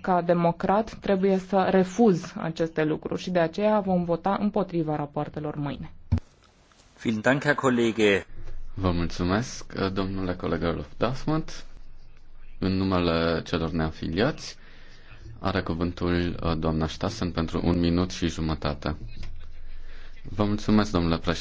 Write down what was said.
ca democrat, trebuie să refuz aceste lucruri și de aceea vom vota împotriva rapoartelor mâine. Vă mulțumesc, domnule colegă Rolf În numele celor neafiliați, are cuvântul uh, doamna Stassen pentru un minut și jumătate. Vă mulțumesc, domnule președinte.